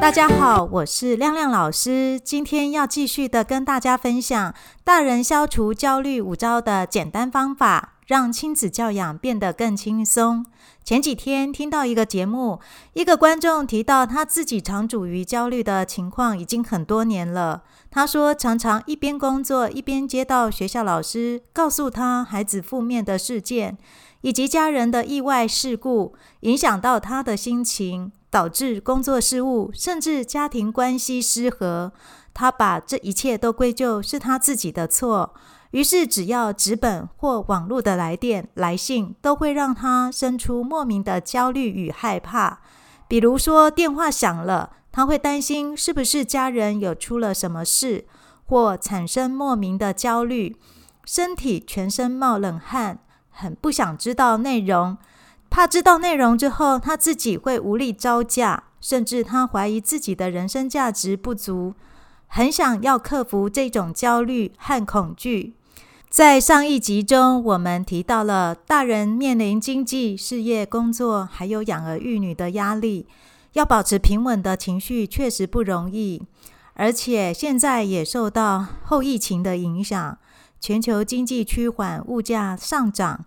大家好，我是亮亮老師。今天要繼續的跟大家分享大人消除焦慮五招的簡單方法，讓親子教養變得更輕鬆。前幾天聽到一個節目，一個觀眾提到他自己常處於焦慮的情況已經很多年了。他說常常一邊工作，一邊接到學校老師告訴他孩子負面的事件，以及家人的意外事故，影響到他的心情。導致工作失誤，甚至家庭關係失和。他把這一切都歸咎是他自己的錯。於是，只要紙本或網絡的來電、來信，都會讓他生出莫名的焦慮與害怕。比如說，電話響了，他會擔心是不是家人有出了什麼事，或產生莫名的焦慮，身體全身冒冷汗，很不想知道內容。怕知道內容之後，他自己會無力招架，甚至他懷疑自己的人生價值不足，很想要克服這種焦慮和恐懼。在上一集中，我們提到了大人面臨經濟、事業、工作，還有養兒育女的壓力，要保持平穩的情緒確實不容易，而且現在也受到後疫情的影響，全球經濟趨緩，物價上漲。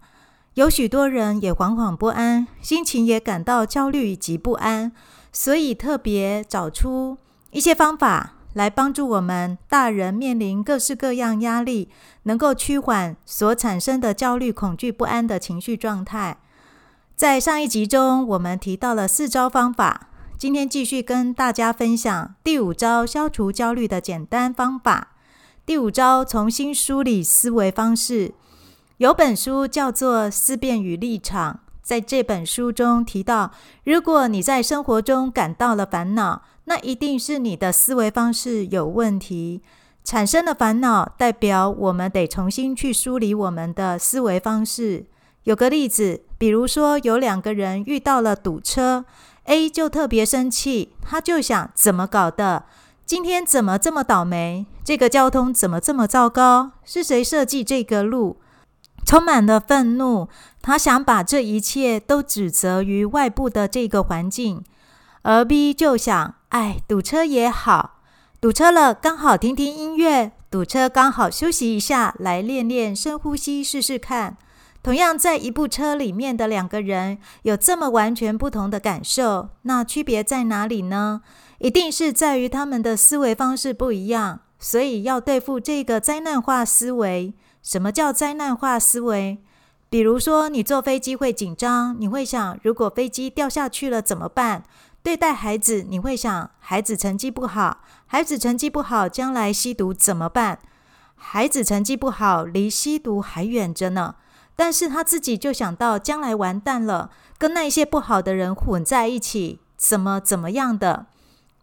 有許多人也惶惶不安，心情也感到焦慮以及不安，所以特別找出一些方法來幫助我們大人面臨各式各樣壓力，能夠趨緩所產生的焦慮、恐懼、不安的情緒狀態。在上一集中，我們提到了四招方法，今天繼續跟大家分享第五招消除焦慮的簡單方法。第五招：重新梳理思維方式。有本書叫做《思辨與立場》。在這本書中提到，如果你在生活中感到了煩惱，那一定是你的思維方式有問題。產生的煩惱代表我們得重新去梳理我們的思維方式。有個例子，比如說有兩個人遇到了堵車，A 就特別生氣，他就想：怎麼搞的？今天怎麼這麼倒霉？這個交通怎麼這麼糟糕？是誰設計這個路？充滿了憤怒，他想把這一切都指責於外部的這個環境，而 B 就想：哎，堵車也好，堵車了剛好聽聽音樂，堵車剛好休息一下，來練練深呼吸試試看。同樣，在一部車裡面的兩個人有這麼完全不同的感受，那區別在哪裡呢？一定是在於他們的思維方式不一樣。所以，要對付這個災難化思維。什麼叫災難化思維？比如說，你坐飛機會緊張，你會想，如果飛機掉下去了怎麼辦？對待孩子，你會想，孩子成績不好，孩子成績不好，將來吸毒怎麼辦？孩子成績不好，離吸毒還遠着呢。但是他自己就想到將來完蛋了，跟那些不好的人混在一起，怎麼怎麼樣的？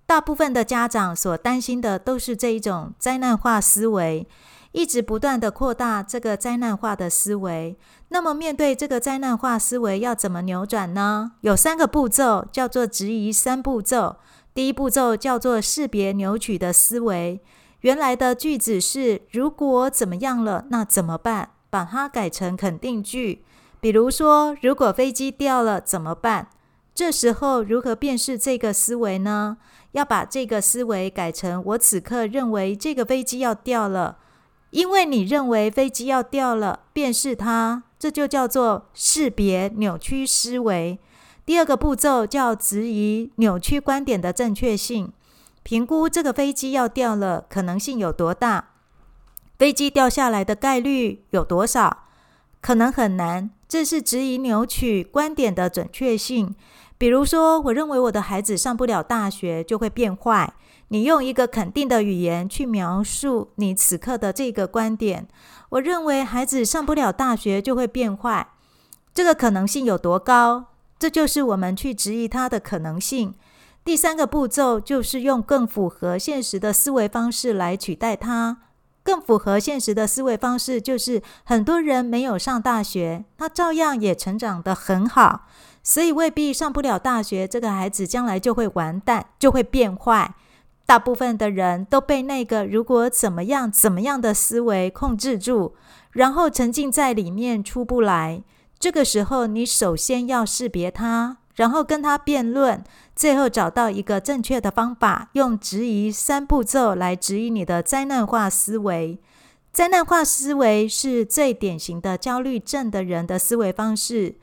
大部分的家長所擔心的都是這一種災難化思維。一直不斷地擴大這個災難化的思維。那麼，面對這個災難化思維，要怎麼扭轉呢？有三個步驟，叫做質疑三步驟。第一步驟叫做識別扭曲的思維。原來的句子是“如果怎麼樣了，那怎麼辦？”把它改成肯定句，比如說“如果飛機掉了，怎麼辦？”這時候如何辨識這個思維呢？要把這個思維改成“我此刻認為這個飛機要掉了。”因為你認為飛機要掉了，便是它，這就叫做識別扭曲思維。第二個步驟叫質疑扭曲觀點的正確性，評估這個飛機要掉了可能性有多大？飛機掉下來的概率有多少？可能很難。這是質疑扭曲觀點的準確性。比如說，我認為我的孩子上不了大學就會變壞。你用一個肯定的語言去描述你此刻的這個觀點。我認為孩子上不了大學就會變壞，這個可能性有多高？這就是我們去質疑他的可能性。第三個步驟就是用更符合現實的思維方式來取代他。更符合現實的思維方式就是，很多人沒有上大學，他照樣也成長得很好，所以未必上不了大學，這個孩子將來就會完蛋，就會變壞。大部分的人都被那個如果怎麼樣怎麼樣的思維控制住，然後沉浸在裡面出不來。這個時候，你首先要識別它，然後跟它辯論，最後找到一個正確的方法，用質疑三步驟來質疑你的災難化思維。災難化思維是最典型的焦慮症的人的思維方式，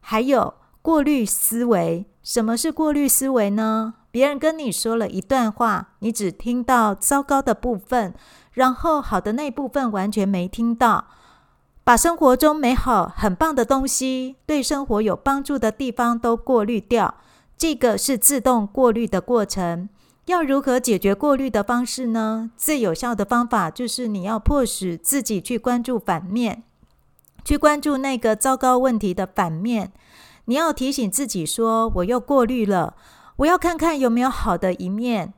還有過濾思維。什麼是過濾思維呢？別人跟你說了一段話，你只聽到糟糕的部分，然後好的那部分完全沒聽到。把生活中美好、很棒的東西，對生活有幫助的地方都過濾掉，這個是自動過濾的過程。要如何解決過濾的方式呢？最有效的方法就是你要迫使自己去關注反面，去關注那個糟糕問題的反面。你要提醒自己說：“我又過濾了。”我要看看有沒有好的一面。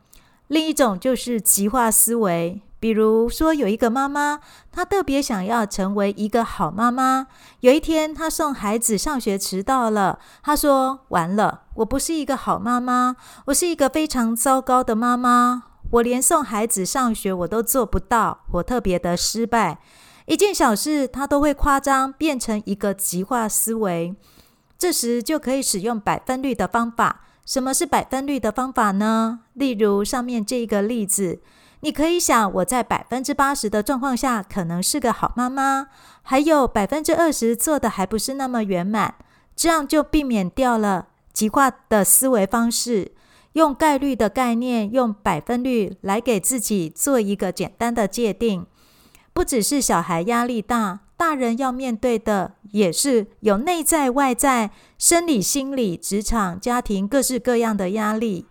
另一種就是極化思維，比如說有一個媽媽，她特別想要成為一個好媽媽。有一天，她送孩子上學遲到了，她說：“完了，我不是一個好媽媽，我是一個非常糟糕的媽媽。我連送孩子上學我都做不到，我特別的失敗。一件小事，她都會誇張變成一個極化思維。這時就可以使用百分率的方法。”什麼是百分率的方法呢？例如上面這一個例子，你可以想我在百分之八十的狀況下可能是個好媽媽，還有百分之二十做得還不是那麼圓滿，這樣就避免掉了極化的思維方式。用概率的概念，用百分率來給自己做一個簡單的界定，不只是小孩壓力大。大人要面對的也是有內在外在、生理、心理、職場、家庭各式各樣的壓力。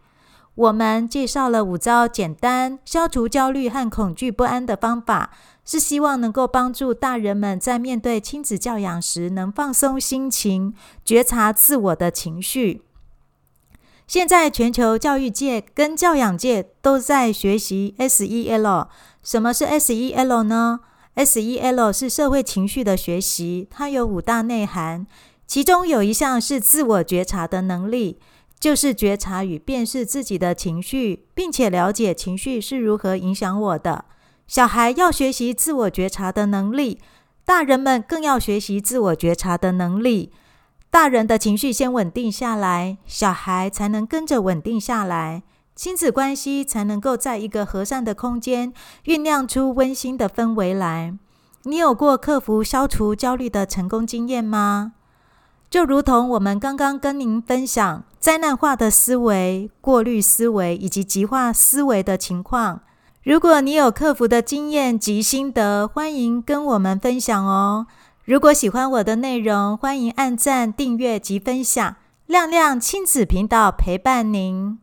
我們介紹了五招簡單消除焦慮和恐懼不安的方法，是希望能夠幫助大人們在面對親子教養時能放鬆心情，覺察自我的情緒。現在全球教育界跟教養界都在學習 SEL，什麼是 SEL 呢？S.E.L 是社會情緒的學習，它有五大內涵，其中有一項是自我覺察的能力，就是覺察與辨識自己的情緒，並且了解情緒是如何影響我的。小孩要學習自我覺察的能力，大人們更要學習自我覺察的能力。大人的情緒先穩定下來，小孩才能跟着穩定下來。親子關係才能夠在一個和善的空間醞釀出溫馨的氛圍來。你有過克服消除焦慮的成功經驗嗎？就如同我們剛剛跟您分享災難化的思維、過濾思維以及極化思維的情況。如果你有克服的經驗及心得，歡迎跟我們分享哦。如果喜歡我的內容，歡迎按讚、訂閱及分享。亮亮親子頻道陪伴您。